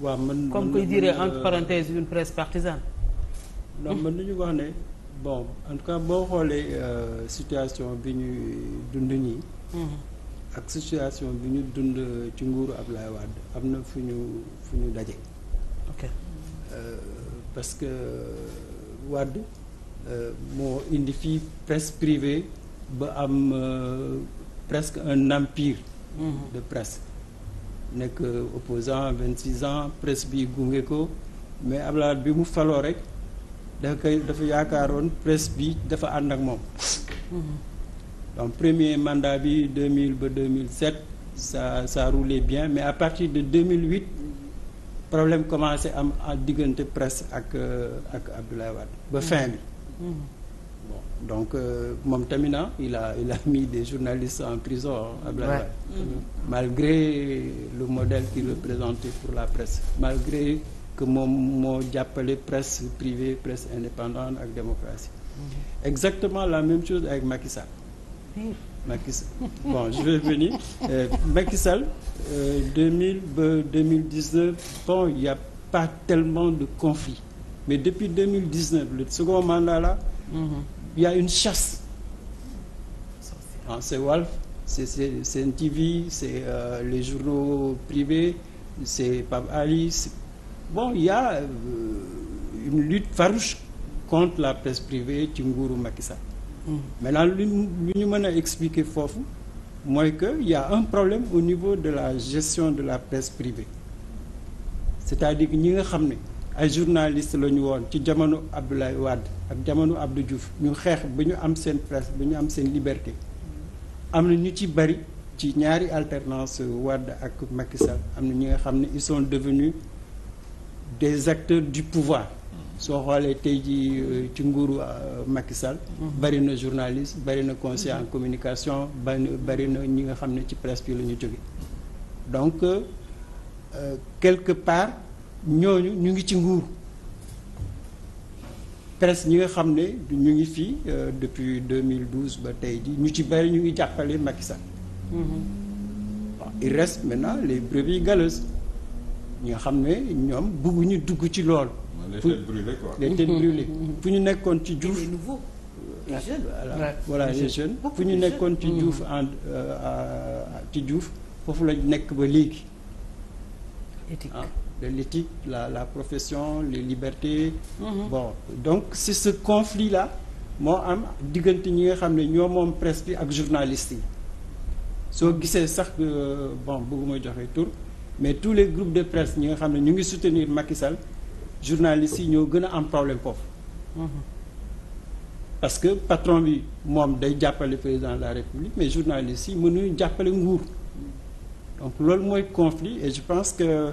waaw man comme que dirait euh, entre parenthèses une presse partisane. non man nañu wax ne bon en tout cas boo xoolee euh, situation bi ñuy dund ñii. Mhm. ak situation bi ñu dund ci nguuru Ablaye Wade am na fu ñu fu ñu daje. ok euh, parce que Wade moo indi fii presse privée ba am presque un empire. Mhm. de presse. nekk opposant vingt six ans presse bi gunge ko mais Abdoulaye bi mu faloo rek dafa koy dafa yaakaaroon presse bi dafa ànd ak moom mhm. donc premier mandat bi deux mille ba deux mille 2007 sa ça roulait bien mais à partir de deux mille 2008 problème commencé am en diggante presse ak euh, ak Abdoulaye Wade ba fin bi mhm. donc euh, moom tamit na il a il des journalistes en prison Abdoulaye ouais. mmh. malgré le modèle qu'il pour la presse moom moo jàppale presse privée presse indépendante ak démocratie mm-hmm. la même chose avec Macky Sall mmh. Macky Sall bon je vais venir euh, euh tellement de conflits mais depuis 2019 le second mandat mm-hmm. il y a une chasse ah, c'est Walf c'est c'est NTV c'est euh, les journaux privés c'est Pape Ali bon il y a euh, une lutte farouche contre la presse privée ci nguuru Macky Sall hmm. maintenant lu lu ñu mën a expliquer foofu mooy que il y un problème au niveau de la gestion de la presse privée c'est-à-dire que ñi nga xam ne ay journaliste la ñu woon ci jamono Abdoulaye Wade ak jamono Abdou Diouf ñu xeex ba ñu am seen presse ba ñu am seen liberté am na ñu ci bari ci ñaari alternance Wade ak Macky am na ñi nga xam ne ils sont devenus des acteurs du pouvoir soo xoolee tey jii euh, ci nguuru euh, Macky Sall. Mm-hmm. bari na journaliste bari na conseiller en communication bari na ñi nga xam ne ci presse bi la ñu jóge donc euh, quelque part. ñooñu ñu ngi ci nguur presse ñi nga xam ne ñu ngi fii euh, depuis 2012 ba tey ji ñu ci bari ñu ngi jàppale Macky Sall. Mm-hmm. waaw il reste maintenant les brebis galeuses ñi nga xam ne ñoom bëgguñu dugg ci lool. les têtes brûlées quoi fu ñu nekkoon ci juuf les jeunes jeunes fu ñu nekkoon ci Diouf en euh, ci juuf foofu lañ nekk ba léegi. de l'éthique, la, la, profession, les libertés. Mmh. Bon, donc c'est ce conflit-là moo am diggante ñi nga xam ne ñoo moom presse bi ak journalistes yi soo gisee sax euh, bon ma joxe tur mais tous les groupes de presse ñi nga xam ne ñu ngi soutenir Macky Sall yi ñoo gën a am problème foofu. Mm-hmm. parce que patron bi moom day jàppale président de la république mais journalistes yi mënuñu jàppale nguur donc loolu mooy conflit et je pense que.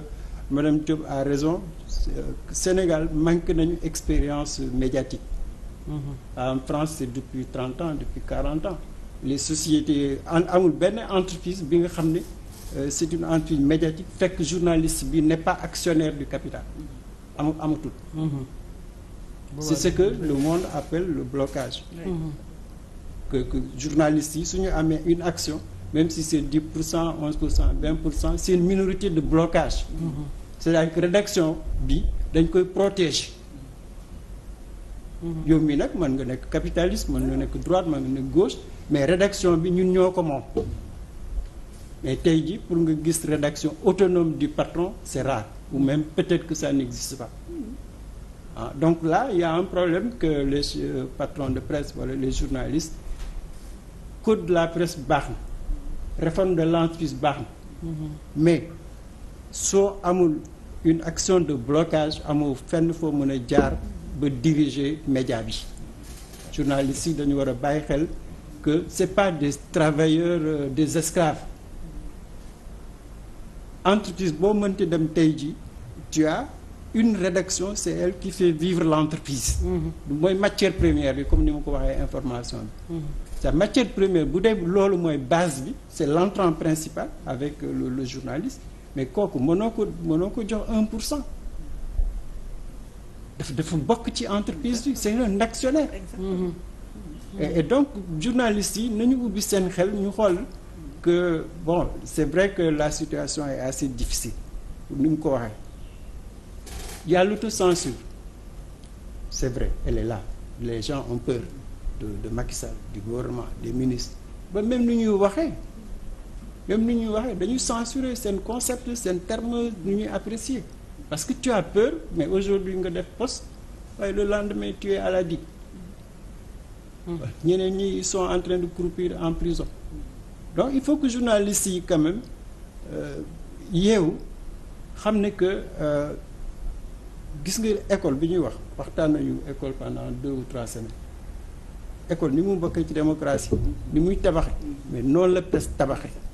madame Diop a raison euh, Sénégal manque nañu expérience médiatique mmh. en France c'est depuis trente ans depuis quarante ans les sociétés amul benn entreprise bi nga xam ni euh, c'est une entreprise médiatique fekk journaliste bi n'est pas actionnaire du capital am amatul mhm. c'est ce que le monde appelle le blocage mmh. que, que journaliste yi suñu amee une action même si c'est 10 pour cent 11 pour cent 20 pour cent c'est une minorité de blocage. Mm-hmm. c'est-à-dire que rédaction bi dañ koy protéger. Mm-hmm. yow mii nag mën nga nekk capitaliste mën nga nekk droite mën nga nekk gauche mais rédaction bi ñun ñoo ko moom. mais tey jii pour nga gis rédaction autonome di patron c'est rare ou même peut-être que ça n'existe pas. Mm-hmm. ah donc là il y un problème que les euh, patrons de presse wala les journalistes code de la presse baax na. réforme de l'entreprise baax na mhm. mais soo amul une action de blocage amoo fenn foo mën a jaar ba diriger média bi journalistes yi dañu war a bàyyi xel que c'est pas des travailleurs euh, des esclaves entreprise boo mënti dem tey ji tu une rédaction c'est elle qui fait vivre l'entreprise mm-hmm. mooy matière première bi comme ni ma ko waxee information bi mm-hmm. sa matière première bu dee loolu mooy base bi c'est l'entrant principal avec euh, le, le journaliste mais kooku mënoo ko mënoo ko jox un pour cent dafa dafa bokk ci entreprise bi c'est un actionnaire mm-hmm. et, donc journalistes yi nañu ubbi seen xel ñu xool que bon c'est vrai que la situation est assez difficile nu mu ko waxee yàlla y a l'autocensure. C'est vrai, elle est là. Les gens ont peur de, de Macky du gouvernement, des ministres. ba même ni ñuy waxee même ni ñuy waxee dañuy censurer seen concept seen terme nu ñuy apprécier parce que tu as peur mais aujourd'hui nga def poste waaye le lendemain tu es à la digue hmm. ñeneen ñi ils sont en train de croupir en prison donc il faut que journalistes yi quand même euh, yeewu xam ne que euh, gis nga école bi ñuy wax waxtaan nañu école pendant deux ou trois semaines école ni mu bokkee ci démocratie ni muy tabaxe mais noonu la pes tabaxe